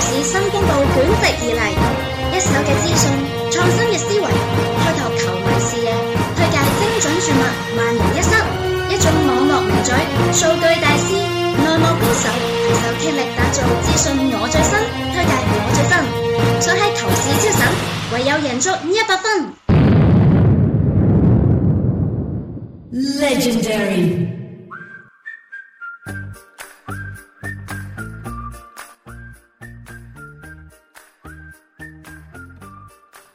樓市新公佈捲席而嚟，一手嘅資訊，創新嘅思維，開拓球迷視野，推介精準注物，萬無一失。一種網絡名嘴，數據大師，內幕高手，攜手傾力打造資訊我最新，推介我最新，想喺球市超神，唯有贏足一百分。Legendary。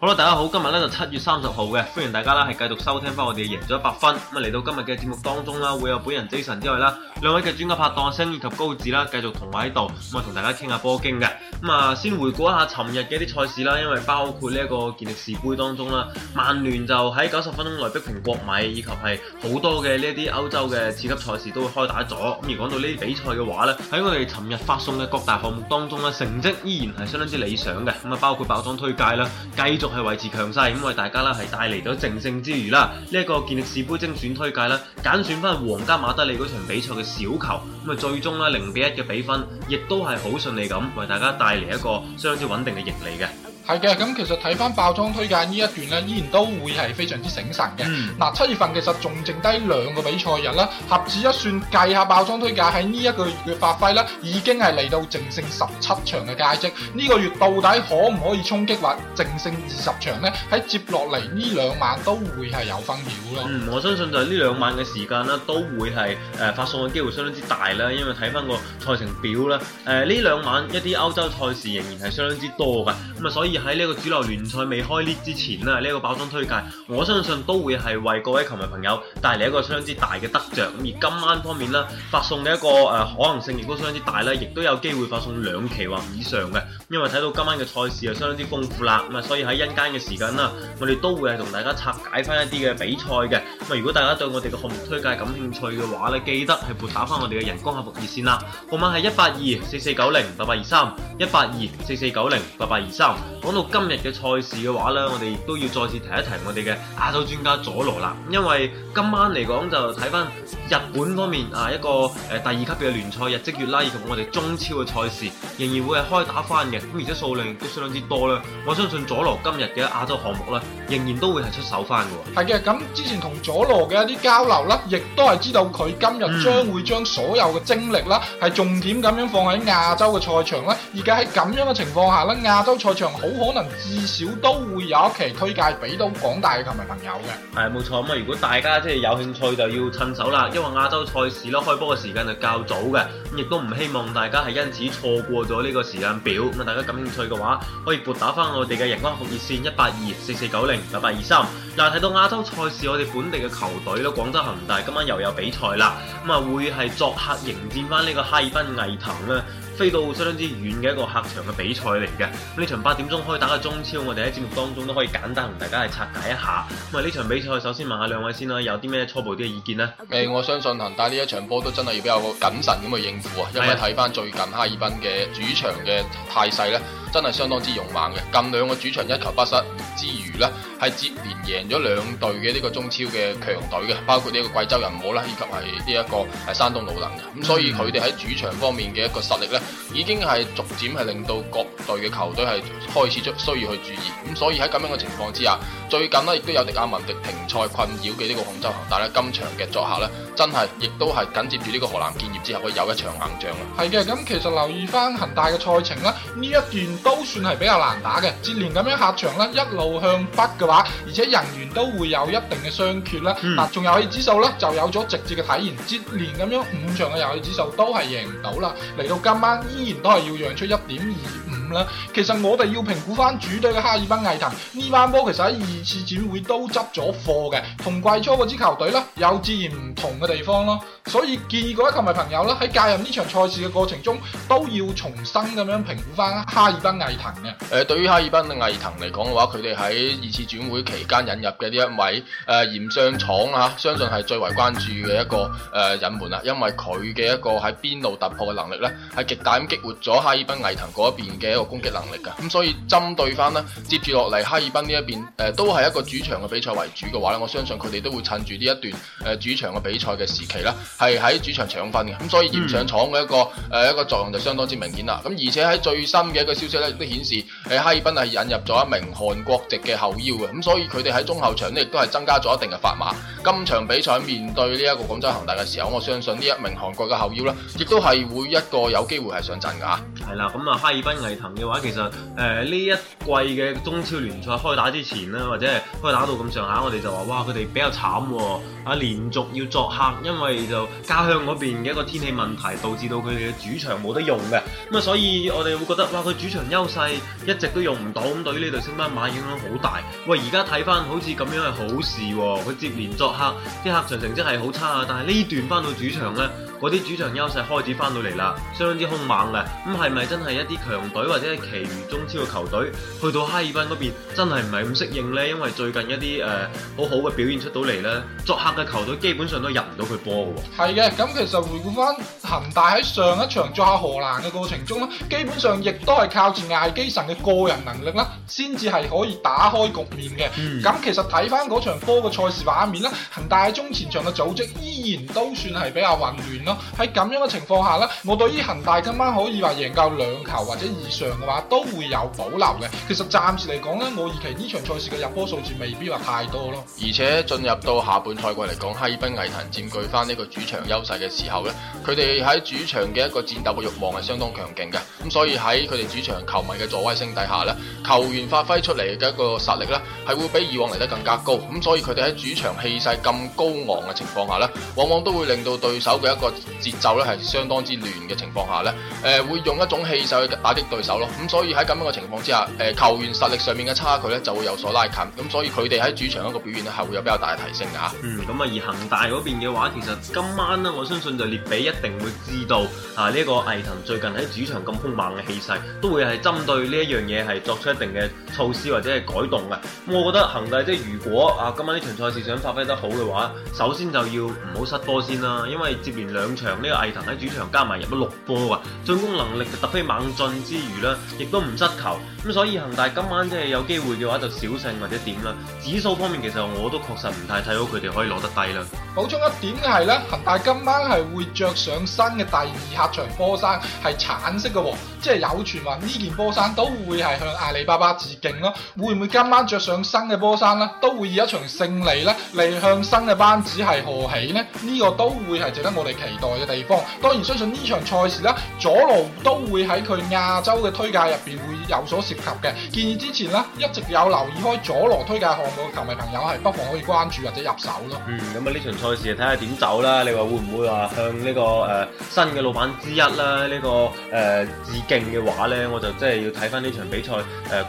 好啦，大家好，今日咧就七月三十號嘅，歡迎大家啦，係繼續收聽翻我哋贏足 100FUN。咁啊，嚟到今日嘅節目當中啦，會有本人 Jason 之外啦，兩位嘅專家拍檔，聲以及高志啦，繼續同我喺度，咁啊，同大家傾下波經嘅。咁啊，先回顧一下尋日嘅啲賽事啦，因為包括呢一個健力士杯當中啦，曼聯就喺九十分鐘內逼平國米，以及係好多嘅呢一啲歐洲嘅次級賽事都會開打咗。咁而講到呢啲比賽嘅話咧，喺我哋尋日發送嘅各大項目當中咧，成績依然係相當之理想嘅。咁啊，包括包裝推介啦，繼續。係維持強勢咁為大家啦，係帶嚟咗淨勝之餘啦，呢一個健力士杯精選推介啦，揀選翻皇家馬德里嗰場比賽嘅小球，咁啊最終咧零比一嘅比分，亦都係好順利咁為大家帶嚟一個相對穩定嘅盈利嘅。係嘅，咁其實睇翻爆倉推介呢一段咧，依然都會係非常之醒神嘅。嗱、嗯，七月份其實仲剩低兩個比賽日啦，合指一算計下爆倉推介喺呢一個月嘅發揮啦，已經係嚟到淨勝十七場嘅佳績。呢、嗯、個月到底可唔可以衝擊或淨勝二十場呢？喺接落嚟呢兩晚都會係有分曉咯。嗯，我相信就係呢兩晚嘅時間啦，都會係誒、呃、發送嘅機會相當之大啦，因為睇翻個賽程表啦，誒呢兩晚一啲歐洲賽事仍然係相當之多噶，咁啊所以。喺呢個主流聯賽未開鑼之前啦，呢、這個包裝推介，我相信都會係為各位球迷朋友帶嚟一個相當之大嘅得着。咁而今晚方面呢，發送嘅一個誒、呃、可能性亦都相當之大呢，亦都有機會發送兩期或以上嘅。因為睇到今晚嘅賽事啊，相當之豐富啦。咁啊，所以喺一陣間嘅時間啦，我哋都會係同大家拆解翻一啲嘅比賽嘅。咁啊，如果大家對我哋嘅項目推介感興趣嘅話呢，記得係撥打翻我哋嘅人工客服熱線啦。號碼係一八二四四九零八八二三，一八二四四九零八八二三。講到今日嘅賽事嘅話呢，我哋亦都要再次提一提我哋嘅亞洲專家佐羅啦。因為今晚嚟講就睇翻日本方面啊，一個誒第二級別嘅聯賽日積月累，同我哋中超嘅賽事仍然會係開打翻嘅。咁而且數量都相當之多啦。我相信佐羅今日嘅亞洲項目呢，仍然都會係出手翻嘅。係嘅，咁之前同佐羅嘅一啲交流咧，亦都係知道佢今日將會將所有嘅精力啦，係重點咁樣放喺亞洲嘅賽場啦。而家喺咁樣嘅情況下呢，亞洲賽場好。可能至少都會有一期推介俾到廣大嘅球迷朋友嘅，係冇錯咁啊！如果大家即係有興趣，就要趁手啦，因為亞洲賽事咧，開波嘅時間就較早嘅，咁亦都唔希望大家係因此錯過咗呢個時間表。咁啊，大家感興趣嘅話，可以撥打翻我哋嘅人工服務熱線一八二四四九零八八二三。嗱，提到亞洲賽事，我哋本地嘅球隊咧，廣州恒大今晚又有比賽啦，咁啊會係作客迎戰翻呢個哈爾濱毅騰啦。飛到相當之遠嘅一個客場嘅比賽嚟嘅，呢場八點鐘開打嘅中超，我哋喺節目當中都可以簡單同大家去拆解一下。咁啊呢場比賽，首先問下兩位先啦，有啲咩初步啲嘅意見呢？誒、嗯，我相信恒大呢一場波都真係要比較謹慎咁去應付啊，因為睇翻最近哈爾濱嘅主場嘅態勢呢。真係相當之勇猛嘅，近兩個主場一球不失之餘呢，係接連贏咗兩隊嘅呢個中超嘅強隊嘅，包括個貴呢個貴州人和啦，以及係呢一個係山東魯能嘅。咁、嗯、所以佢哋喺主場方面嘅一個實力呢，已經係逐漸係令到各隊嘅球隊係開始出需要去注意。咁、嗯、所以喺咁樣嘅情況之下，最近呢亦都有迪亞文迪停賽困擾嘅呢個廣州恒大咧，今場嘅作客呢，真係亦都係緊接住呢個河南建業之後嘅有一場硬仗啦。係嘅，咁其實留意翻恒大嘅賽程啦，呢一段。都算係比較難打嘅，接連咁樣客場咧，一路向北嘅話，而且人員都會有一定嘅傷缺啦。嗱、嗯，仲有遊戲指數咧，就有咗直接嘅體現。接連咁樣五場嘅遊戲指數都係贏唔到啦，嚟到今晚依然都係要讓出一點二五啦。其實我哋要評估翻主隊嘅哈爾濱毅騰呢班波，其實喺二次轉會都執咗貨嘅，同季初嗰支球隊咧有截然唔同嘅地方咯。所以建議各位球迷朋友啦，喺介入呢場賽事嘅過程中，都要重新咁樣評估翻哈。哈爾濱嘅，誒、呃，對於哈爾濱嘅毅騰嚟講嘅話，佢哋喺二次轉會期間引入嘅呢一位誒、呃、嚴尚闖啊，相信係最為關注嘅一個誒引援啦，因為佢嘅一個喺邊路突破嘅能力咧，係極大咁激活咗哈爾濱毅騰嗰一邊嘅一個攻擊能力噶，咁、嗯、所以針對翻呢，接住落嚟哈爾濱呢一邊誒、呃、都係一個主場嘅比賽為主嘅話咧，我相信佢哋都會趁住呢一段誒、呃、主場嘅比賽嘅時期咧，係喺主場搶分嘅，咁、嗯、所以嚴尚闖嘅一個誒、嗯呃、一個作用就相當之明顯啦，咁、嗯、而且喺最新嘅一個消息。咧都顯示喺哈爾濱係引入咗一名韓國籍嘅後腰嘅，咁所以佢哋喺中後場咧亦都係增加咗一定嘅砝碼。今場比賽面對呢一個廣州恒大嘅時候，我相信呢一名韓國嘅後腰呢，亦都係會一個有機會係上陣㗎嚇。係啦，咁啊，哈爾濱毅騰嘅話，其實誒呢、呃、一季嘅中超聯賽開打之前呢，或者係開打到咁上下，我哋就話哇，佢哋比較慘喎、哦，啊連續要作客，因為就家鄉嗰邊嘅一個天氣問題，導致到佢哋嘅主場冇得用嘅。咁啊，所以我哋會覺得哇，佢主場。優勢一直都用唔到，對於呢隊升班馬影響好大。喂，而家睇翻好似咁樣係好事喎、啊，佢接連作客，啲客場成績係好差啊，但係呢段翻到主場咧。嗰啲主場優勢開始翻到嚟啦，相當之兇猛嘅。咁係咪真係一啲強隊或者係其餘中超嘅球隊去到哈爾濱嗰邊真係唔係咁適應呢？因為最近一啲誒、呃、好好嘅表現出到嚟呢，作客嘅球隊基本上都入唔到佢波嘅喎。係嘅，咁其實回顧翻恒大喺上一場作客荷蘭嘅過程中，基本上亦都係靠住艾基臣嘅個人能力啦，先至係可以打開局面嘅。咁、嗯、其實睇翻嗰場波嘅賽事畫面啦，恒大喺中前場嘅組織依然都算係比較混亂。喺咁樣嘅情況下咧，我對於恒大今晚可以話贏夠兩球或者以上嘅話，都會有保留嘅。其實暫時嚟講咧，我預期呢場賽事嘅入波數字未必話太多咯。而且進入到下半賽季嚟講，哈爾濱毅騰佔據翻呢個主場優勢嘅時候咧，佢哋喺主場嘅一個戰鬥嘅慾望係相當強勁嘅。咁所以喺佢哋主場球迷嘅助威聲底下咧，球員發揮出嚟嘅一個實力呢，係會比以往嚟得更加高。咁所以佢哋喺主場氣勢咁高昂嘅情況下咧，往往都會令到對手嘅一個節奏咧係相當之亂嘅情況下呢，誒會用一種氣勢去打擊對手咯，咁所以喺咁樣嘅情況之下，誒球員實力上面嘅差距呢就會有所拉近，咁所以佢哋喺主場一個表現呢係會有比較大嘅提升啊。嗯，咁啊而恆大嗰邊嘅話，其實今晚咧我相信就列比一定會知道啊，呢個毅騰最近喺主場咁兇猛嘅氣勢，都會係針對呢一樣嘢係作出一定嘅措施或者係改動嘅。咁我覺得恆大即係如果啊今晚呢場賽事想發揮得好嘅話，首先就要唔好失波先啦，因為接連兩。兩場呢個毅騰喺主場加埋入咗六波啊！進攻能力就突飛猛進之餘啦，亦都唔失球咁，所以恆大今晚即係有機會嘅話就小勝或者點啦。指數方面其實我都確實唔太睇好佢哋可以攞得低啦。補充一點嘅係咧，恆大今晚係會着上新嘅第二客場波衫係橙色嘅，哦，即係有傳話呢件波衫都會係向阿里巴巴致敬咯。會唔會今晚着上新嘅波衫呢？都會以一場勝利呢嚟向新嘅班子係賀喜呢？呢、呢個都會係值得我哋期待。代嘅地方，當然相信呢場賽事咧，佐羅都會喺佢亞洲嘅推介入邊會有所涉及嘅。建議之前呢，一直有留意開佐羅推介項目嘅球迷朋友係不妨可以關注或者入手咯。嗯，咁啊呢場賽事睇下點走啦？你話會唔會話向呢個誒新嘅老闆之一啦？呢個誒致敬嘅話呢，我就真係要睇翻呢場比賽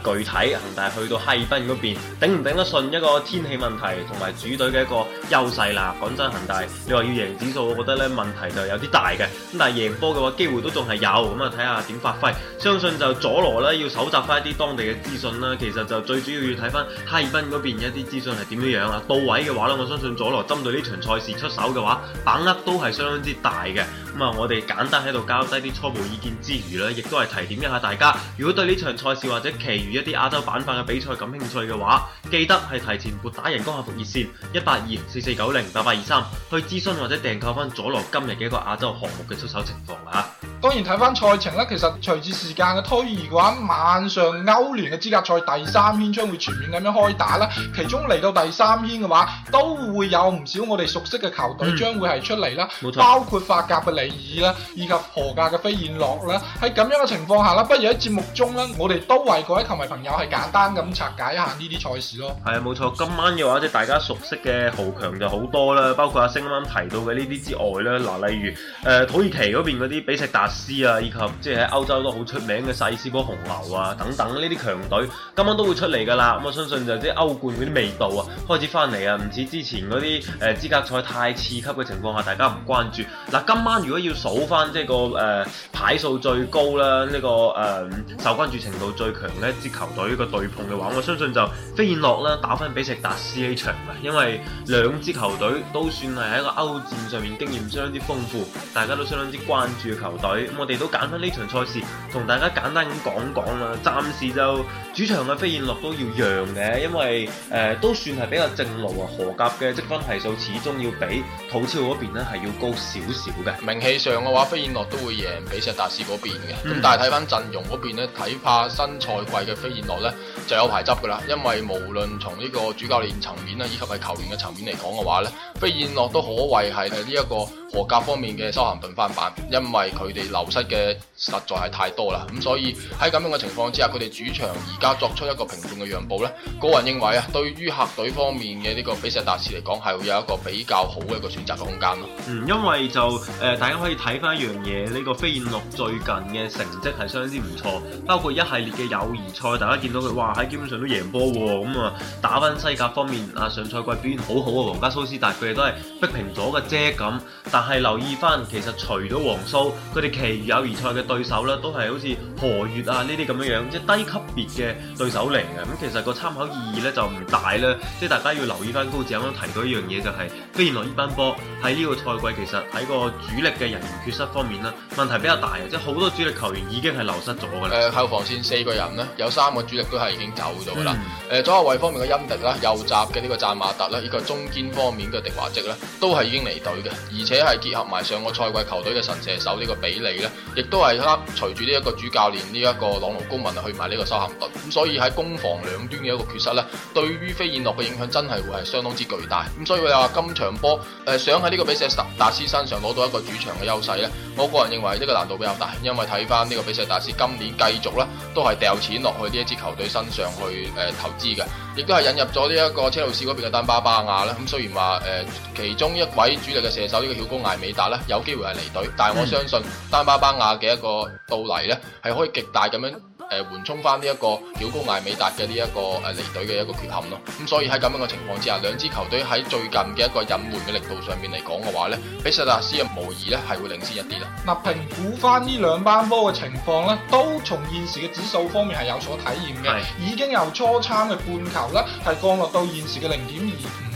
誒具體恒大去到哈爾濱嗰邊，頂唔頂得順一個天氣問題同埋主隊嘅一個優勢啦。講真，恒大你話要贏指數，我覺得咧問。係就有啲大嘅，咁但係贏波嘅話機會都仲係有，咁啊睇下點發揮。相信就佐羅咧要搜集翻一啲當地嘅資訊啦，其實就最主要要睇翻哈爾濱嗰邊嘅一啲資訊係點樣樣啊。到位嘅話咧，我相信佐羅針對呢場賽事出手嘅話，把握都係相當之大嘅。咁啊，我哋簡單喺度交低啲初步意見之餘咧，亦都係提點一下大家。如果對呢場賽事或者其餘一啲亞洲板塊嘅比賽感興趣嘅話，記得係提前撥打人工客服熱線一八二四四九零八八二三去諮詢或者訂購翻佐羅今日嘅一個亞洲項目嘅出手情況啊！當然睇翻賽程啦，其實隨住時間嘅推移嘅話，晚上歐聯嘅資格賽第三圈將會全面咁樣開打啦。其中嚟到第三圈嘅話，都會有唔少我哋熟悉嘅球隊將會係出嚟啦，嗯、包括法甲嘅里爾啦，以及荷甲嘅飛燕諾啦。喺咁樣嘅情況下啦，不如喺節目中啦，我哋都為各位球迷朋友係簡單咁拆解一下呢啲賽事咯。係啊，冇錯，今晚嘅話即大家熟悉嘅豪強就好多啦，包括阿星啱提到嘅呢啲之外啦。嗱，例如誒、呃、土耳其嗰邊嗰啲比什達斯啊，以及即係喺歐洲都好出名嘅細斯波紅牛啊，等等呢啲強隊，今晚都會出嚟噶啦。咁我相信就係啲歐冠嗰啲味道啊，開始翻嚟啊，唔似之前嗰啲誒資格賽太次級嘅情況下，大家唔關注。嗱，今晚如果要數翻即係個誒、呃、排數最高啦，呢、這個誒、呃、受關注程度最強嘅一支球隊個對碰嘅話，我相信就飛燕諾啦打翻比石達斯呢場啊。因為兩支球隊都算係喺個歐戰上面經驗相當之豐富，大家都相當之關注嘅球隊。我哋都揀翻呢場賽事，同大家簡單咁講講啦。暫時就主場嘅飛燕諾都要讓嘅，因為誒、呃、都算係比較正路啊。荷甲嘅積分係數始終要比土超嗰邊咧係要高少少嘅。名氣上嘅話，飛燕諾都會贏比石達斯嗰邊嘅。咁、嗯、但係睇翻陣容嗰邊咧，睇怕新賽季嘅飛燕諾咧就有排執㗎啦。因為無論從呢個主教練層面啦，以及係球員嘅層面嚟講嘅話咧，飛燕諾都可謂係係呢一個，荷甲方面嘅修咸頓翻版，因為佢哋流失嘅實在係太多啦，咁所以喺咁樣嘅情況之下，佢哋主場而家作出一個平分嘅讓步咧，個人認為啊，對於客隊方面嘅呢個比什達斯嚟講，係會有一個比較好嘅一個選擇嘅空間咯。嗯，因為就誒、呃，大家可以睇翻一樣嘢，呢、這個飛燕諾最近嘅成績係相當之唔錯，包括一系列嘅友誼賽，大家見到佢哇喺基本上都贏波喎，咁、嗯、啊打翻西甲方面，啊，上賽季表現好好嘅皇家蘇斯達，佢哋都係逼平咗嘅啫咁。但係留意翻，其實除咗黃蘇，佢哋其餘友誼賽嘅對手咧，都係好似何月啊呢啲咁樣樣，即係低級別嘅對手嚟嘅。咁其實個參考意義咧就唔大啦。即係大家要留意翻，高志剛剛提到一樣嘢，就係、是，原來呢班波喺呢個賽季其實喺個主力嘅人員缺失方面咧，問題比較大嘅，即係好多主力球員已經係流失咗嘅。誒、呃，後防線四個人咧，有三個主力都係已經走咗啦。誒、嗯呃，左後衛方面嘅殷迪啦，右閘嘅呢個贊馬達啦，呢、這、及、個、中堅方面嘅迪華積咧，都係已經離隊嘅，而且。係結合埋上個賽季球隊嘅神射手呢個比例咧，亦都係啱隨住呢一個主教練呢一個朗奴高文去埋呢個修咸頓，咁所以喺攻防兩端嘅一個缺失咧，對於飛燕諾嘅影響真係會係相當之巨大。咁所以佢哋話今場波誒、呃、想喺呢個比錫達斯身上攞到一個主場嘅優勢咧，我個人認為呢個難度比較大，因為睇翻呢個比錫達斯今年繼續咧都係掉錢落去呢一支球隊身上去誒、呃、投資嘅。亦都係引入咗呢一個車路士嗰邊嘅丹巴巴亞啦，咁雖然話誒、呃、其中一位主力嘅射手呢、呢個曉高艾美達咧有機會係離隊，但係我相信丹巴巴亞嘅一個到嚟咧係可以極大咁樣，誒緩衝翻呢一個小高艾美達嘅呢一個誒離隊嘅一個缺陷咯，咁所以喺咁樣嘅情況之下，兩支球隊喺最近嘅一個隱瞞嘅力度上面嚟講嘅話咧，比塞達斯啊無疑咧係會領先一啲啦。嗱，評估翻呢兩班波嘅情況咧，都從現時嘅指數方面係有所體驗嘅，的已經由初參嘅半球咧係降落到現時嘅零點二。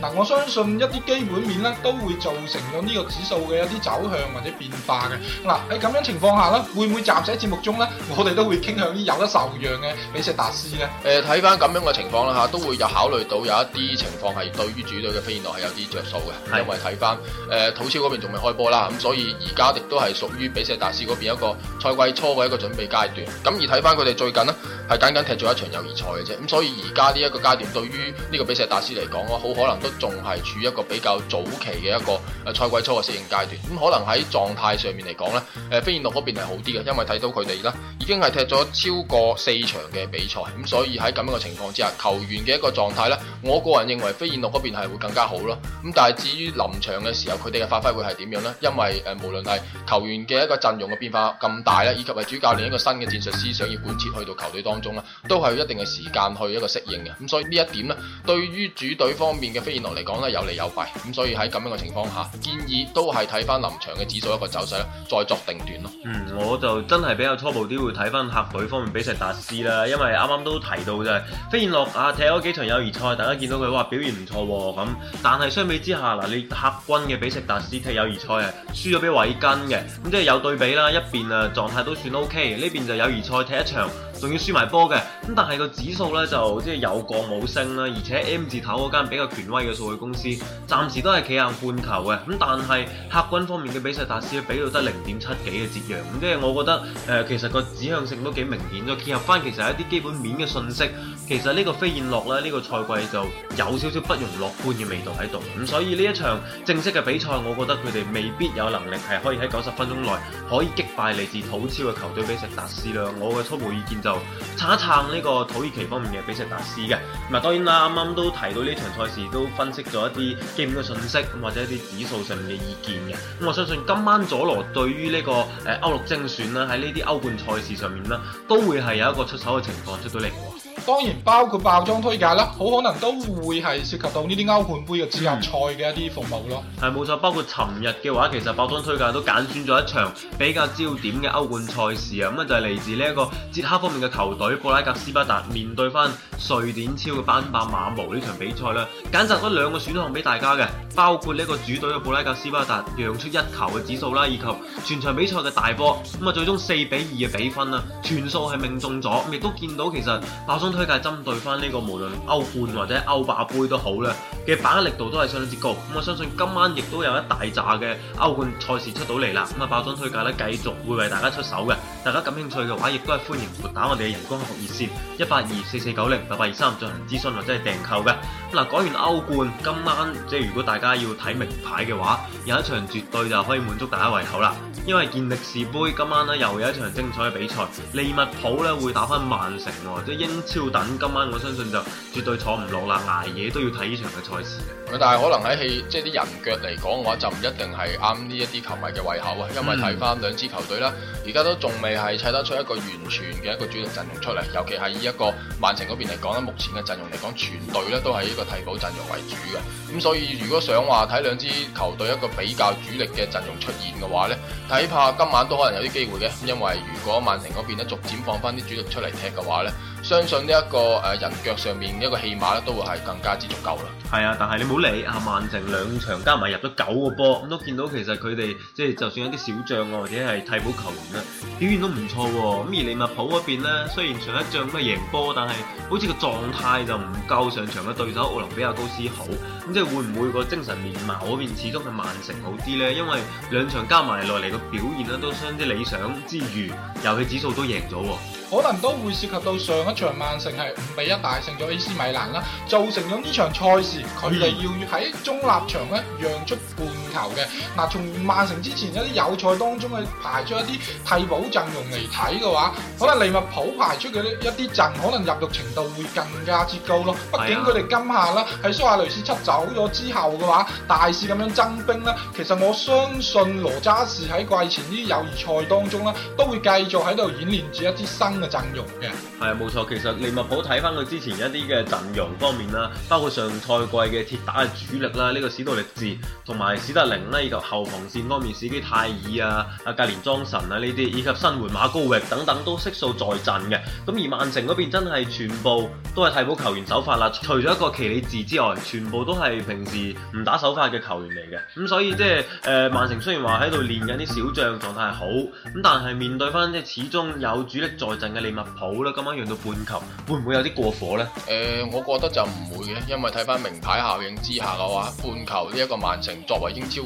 嗱，我相信一啲基本面咧都會造成咗呢個指數嘅一啲走向或者變化嘅。嗱，喺咁樣的情況下咧，會唔會暫時喺節目中咧？我哋都會傾向於有得受讓嘅比錫達斯咧。誒、呃，睇翻咁樣嘅情況啦嚇，都會有考慮到有一啲情況係對於主隊嘅表現度係有啲着數嘅，是因為睇翻誒土超嗰邊仲未開波啦，咁所以而家亦都係屬於比錫達斯嗰邊一個賽季初嘅一個準備階段。咁而睇翻佢哋最近咧，係僅僅踢咗一場友誼賽嘅啫，咁所以而家呢一個階段對於呢個比錫達斯嚟講，我好可能都仲係處於一個比較早期嘅一個誒賽季初嘅適應階段，咁可能喺狀態上面嚟講呢誒飛燕諾嗰邊係好啲嘅，因為睇到佢哋咧已經係踢咗超過四場嘅比賽，咁所以喺咁樣嘅情況之下，球員嘅一個狀態呢，我個人認為飛燕諾嗰邊係會更加好咯，咁但係至於臨場嘅時候佢哋嘅發揮會係點樣呢？因為誒無論係球員嘅一個陣容嘅變化咁大咧，以及係主教練一個新嘅戰術思想要貫徹去到球隊當。都係有一定嘅時間去一個適應嘅，咁所以呢一點呢，對於主隊方面嘅飛燕諾嚟講呢，有利有弊，咁所以喺咁樣嘅情況下，建議都係睇翻臨場嘅指數一個走勢咧，再作定斷咯。嗯，我就真係比較初步啲會睇翻客隊方面比錫達斯啦，因為啱啱都提到就係飛燕諾啊踢咗幾場友誼賽，大家見到佢哇表現唔錯咁，但係相比之下嗱你客軍嘅比錫達斯踢友誼賽啊，輸咗俾韋根嘅，咁即係有對比啦，一邊啊狀態都算 O K，呢邊就友誼賽踢一場。仲要輸埋波嘅，咁但係個指數咧就即係有降冇升啦，而且 M 字頭嗰間比較權威嘅數據公司，暫時都係企硬半球嘅，咁但係客軍方面嘅比薩達斯咧，俾到得零點七幾嘅折讓，咁即係我覺得誒其實個指向性都幾明顯，再結合翻其實一啲基本面嘅信息，其實呢個飛燕落咧，呢個賽季就有少少不容樂觀嘅味道喺度，咁所以呢一場正式嘅比賽，我覺得佢哋未必有能力係可以喺九十分鐘內可以擊敗嚟自土超嘅球隊比薩達斯啦，我嘅初步意見就是。就撐一撐呢個土耳其方面嘅比什達斯嘅，咁啊當然啦，啱啱都提到呢場賽事都分析咗一啲基本嘅信息，咁或者一啲指數上面嘅意見嘅，咁我相信今晚佐羅對於呢個歐陸精選啦，喺呢啲歐冠賽事上面啦，都會係有一個出手嘅情況出，出到嚟嘅。當然包括爆裝推介啦，好可能都會係涉及到呢啲歐冠杯嘅資格賽嘅一啲服務咯。係冇、嗯、錯，包括尋日嘅話，其實爆裝推介都揀選咗一場比較焦點嘅歐冠賽事啊。咁啊就係嚟自呢一個捷克方面嘅球隊布拉格斯巴達面對翻瑞典超嘅班霸馬毛呢場比賽啦。揀擇咗兩個選項俾大家嘅，包括呢一個主隊嘅布拉格斯巴達讓出一球嘅指數啦，以及全場比賽嘅大波。咁啊最終四比二嘅比分啦，全數係命中咗，亦都見到其實爆裝。推介針對翻呢個無論歐冠或者歐霸杯都好啦嘅把握力度都係相當之高。咁我相信今晚亦都有一大扎嘅歐冠賽事出到嚟啦。咁啊，爆樽推介咧，繼續會為大家出手嘅。大家感興趣嘅話，亦都係歡迎撥打我哋嘅人工客服熱線一八二四四九零八八二三進行諮詢或者係訂購嘅。嗱，講完歐冠，今晚即係如果大家要睇名牌嘅話，有一場絕對就可以滿足大家胃口啦。因為健力士杯今晚咧又有一場精彩嘅比賽，利物浦咧會打翻曼城或者英超。要等今晚，我相信就絕對坐唔落啦。挨夜都要睇呢場嘅賽事。咁但係可能喺戲，即係啲人腳嚟講嘅話，就唔一定係啱呢一啲球迷嘅胃口啊。因為睇翻兩支球隊啦，而家、嗯、都仲未係砌得出一個完全嘅一個主力陣容出嚟。尤其係以一個曼城嗰邊嚟講啦，目前嘅陣容嚟講，全隊咧都係一個替補陣容為主嘅。咁所以如果想話睇兩支球隊一個比較主力嘅陣容出現嘅話咧，睇怕今晚都可能有啲機會嘅。因為如果曼城嗰邊咧逐漸放翻啲主力出嚟踢嘅話咧。相信呢一個誒人腳上面一個戲碼咧，都會係更加之足夠啦。係啊，但係你唔好理啊，曼城兩場加埋入咗九個波，咁都見到其實佢哋即係就算有啲小將啊，或者係替補球員啦，表現都唔錯喎。咁而利物浦嗰邊咧，雖然上一仗都係贏波，但係好似個狀態就唔夠上場嘅對手奧林比亞高斯好。咁即係會唔會個精神面貌嗰邊始終係曼城好啲咧？因為兩場加埋落嚟個表現咧都相當之理想之餘，遊戲指數都贏咗喎。可能都會涉及到上一場曼城係五比一大勝咗 AC 米蘭啦，造成咗呢場賽事，佢哋要喺中立場咧讓出半頭嘅嗱，從曼城之前一啲友賽當中去排出一啲替補陣容嚟睇嘅話，可能利物浦排出嘅一啲陣，可能入肉程度會更加之高咯。畢竟佢哋今夏啦喺蘇亞雷斯出走咗之後嘅話，大肆咁樣增兵啦，其實我相信羅渣士喺季前呢啲友誼賽當中咧，都會繼續喺度演練住一啲新嘅陣容嘅。係啊，冇錯。其實利物浦睇翻佢之前一啲嘅陣容方面啦，包括上賽季嘅鐵打嘅主力啦，呢、這個史杜力治同埋史啦，以及後防線方面，史基泰爾啊、阿格連莊臣啊呢啲，以及新援馬高域等等都悉數在陣嘅。咁而曼城嗰邊真係全部都係替補球員首發啦，除咗一個奇里治之外，全部都係平時唔打首發嘅球員嚟嘅。咁所以即係誒，曼城雖然話喺度練緊啲小將，狀態好，咁但係面對翻即始終有主力在陣嘅利物浦啦，咁樣用到半球，會唔會有啲過火呢？誒、呃，我覺得就唔會嘅，因為睇翻名牌效應之下嘅話，半球呢一個曼城作為英超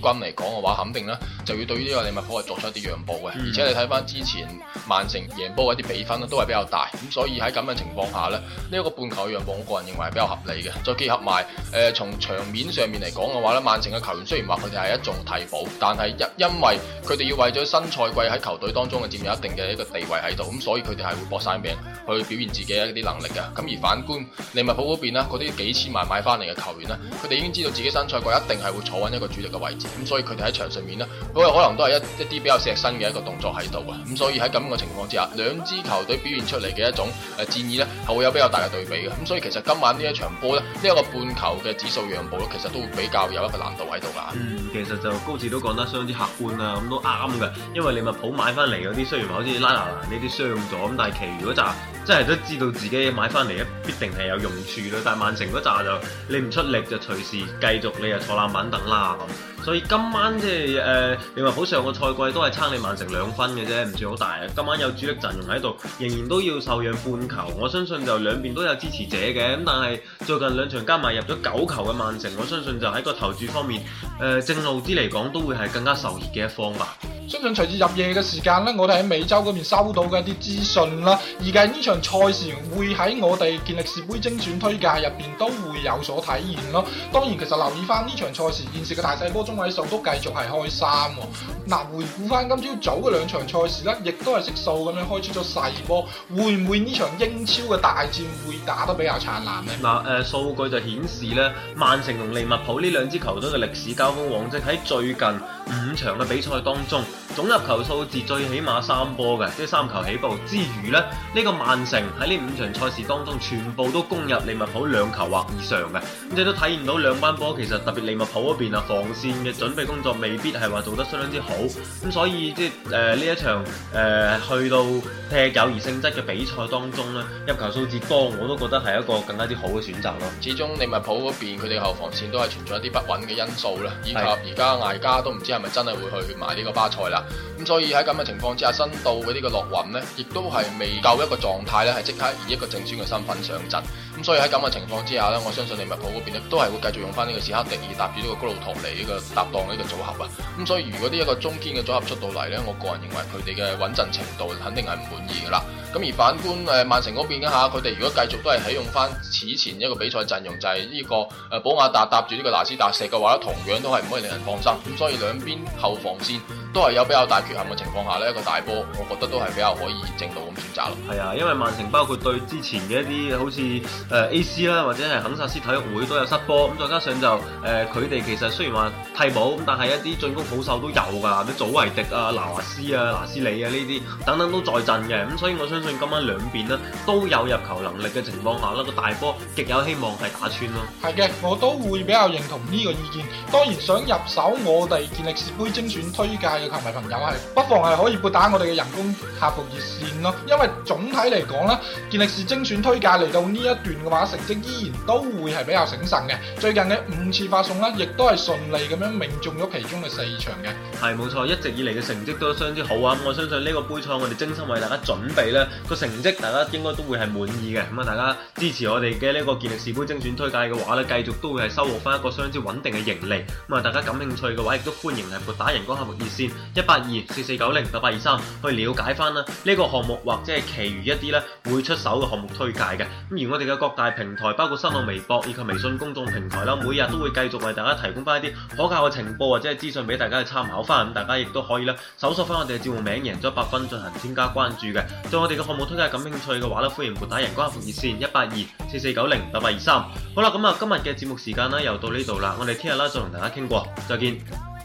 冠軍嚟講嘅話，肯定啦，就要對於呢個利物浦係作出一啲讓步嘅。嗯、而且你睇翻之前曼城贏波一啲比分咧，都係比較大。咁所以喺咁嘅情況下咧，呢、這、一個半球嘅讓步，我個人認為係比較合理嘅。再結合埋誒、呃、從場面上面嚟講嘅話咧，曼城嘅球員雖然話佢哋係一種替補，但係因因為佢哋要為咗新賽季喺球隊當中嘅佔有一定嘅一個地位喺度，咁所以佢哋係會搏晒命去表現自己的一啲能力嘅。咁而反觀利物浦嗰邊啦，嗰啲幾千萬買翻嚟嘅球員咧，佢哋已經知道自己新賽季一定係會坐穩一個。主力嘅位置，咁所以佢哋喺場上面呢，佢可能都係一一啲比較錫身嘅一個動作喺度啊，咁所以喺咁嘅情況之下，兩支球隊表現出嚟嘅一種誒戰意呢，係會有比較大嘅對比嘅，咁所以其實今晚呢一場波呢，呢一個半球嘅指數讓步呢，其實都會比較有一個難度喺度噶。嗯，其實就高志都講得相當之客觀啊，咁都啱嘅，因為利物浦買翻嚟嗰啲，雖然話好似拉拿蘭呢啲傷咗，咁但係其餘嗰紮真係都知道自己買翻嚟必定係有用處嘅，但係曼城嗰扎就你唔出力就隨時繼續你就坐冷板凳啦。所以今晚即係誒，利物浦上個賽季都係差你曼城兩分嘅啫，唔算好大。今晚有主力陣容喺度，仍然都要受讓半球。我相信就兩邊都有支持者嘅，咁但係最近兩場加埋入咗九球嘅曼城，我相信就喺個投注方面，誒、呃、正路之嚟講都會係更加受熱嘅一方吧。相信隨住入夜嘅時間咧，我哋喺美洲嗰邊收到嘅一啲資訊啦，而家呢場賽事會喺我哋健力士杯精選推介入面都會有所體現咯。當然，其實留意翻呢場賽事，現時嘅大細波中位數都繼續係開三喎、喔。嗱，回顧翻今朝早嘅兩場賽事咧，亦都係食數咁樣開出咗細波，會唔會呢場英超嘅大戰會打得比較燦爛呢？嗱、呃，數據就顯示咧，曼城同利物浦呢兩支球隊嘅歷史交鋒，往績喺最近，五場嘅比賽當中，總入球數字最起碼三波嘅，即係三球起步。之餘呢，呢、呢個曼城喺呢五場賽事當中，全部都攻入利物浦兩球或以上嘅。咁即都體現到兩班波其實特別利物浦嗰邊啊，防線嘅準備工作未必係話做得相當之好。咁所以即係呢一場誒、呃、去到踢友誼性質嘅比賽當中咧，入球數字多，我都覺得係一個更加之好嘅選擇咯。始終利物浦嗰邊佢哋後防線都係存在一啲不穩嘅因素啦，以及的而家艾加都唔知係咪真係會去埋呢個巴塞啦。咁所以喺咁嘅情況之下，新到嘅呢個落雲咧，亦都係未夠一個狀態咧，係即刻以一個正選嘅身份上陣。咁所以喺咁嘅情況之下呢，我相信利物浦嗰邊都係會繼續用翻呢個史克迪爾搭住呢個高魯托尼呢個搭檔呢個組合啊。咁所以如果呢一個中堅嘅組合出到嚟呢，我個人認為佢哋嘅穩陣程度肯定係唔滿意噶啦。咁而反觀誒曼城嗰邊嘅下，佢哋如果繼續都係喺用翻此前一個比賽陣容，就係、是、呢個誒保亞達搭住呢個拿斯達石嘅話，同樣都係唔可以令人放心。咁所以兩邊後防線都係有比較大缺陷嘅情況下呢，一個大波，我覺得都係比較可以正路咁選擇咯。係啊，因為曼城包括對之前嘅一啲好似～誒、呃、A.C. 啦，或者係肯薩斯體育會都有失波咁，再加上就誒佢哋其實雖然話替補，但係一啲進攻好手都有㗎，咩祖維迪啊、拿華斯啊、拿斯里啊呢啲等等都在陣嘅，咁所以我相信今晚兩邊呢都有入球能力嘅情況下咧，個大波極有希望係打穿咯。係嘅，我都會比較認同呢個意見。當然想入手我哋健力士杯精選推介嘅球迷朋友係，不妨係可以撥打我哋嘅人工客服熱線咯。因為總體嚟講呢，健力士精選推介嚟到呢一段。嘅話，成績依然都會係比較醒神嘅。最近嘅五次發送咧，亦都係順利咁樣命中咗其中嘅四場嘅。係冇錯，一直以嚟嘅成績都相當之好啊！嗯嗯、我相信呢個杯賽，我哋精心為大家準備咧個成績，大家應該都會係滿意嘅。咁、嗯、啊，大家支持我哋嘅呢個健力士杯精選推介嘅話咧，繼續都會係收穫翻一個相當之穩定嘅盈利。咁、嗯、啊，大家感興趣嘅話，亦都歡迎嚟撥打人工客服熱線一八二四四九零八八二三去了解翻啦。呢個項目或者係其餘一啲咧會出手嘅項目推介嘅。咁、嗯、而我哋嘅各大平台，包括新浪微博以及微信公眾平台啦，每日都會繼續為大家提供翻一啲可靠嘅情報或者係資訊俾大家去參考翻。咁大家亦都可以啦，搜索翻我哋嘅節目名《贏足 100FUN》，進行添加關注嘅。對我哋嘅項目推介感興趣嘅話咧，歡迎撥打人工客服熱線一八二四四九零八八二三。好啦，咁啊，今日嘅節目時間呢，又到呢度啦，我哋聽日啦再同大家傾過，再見。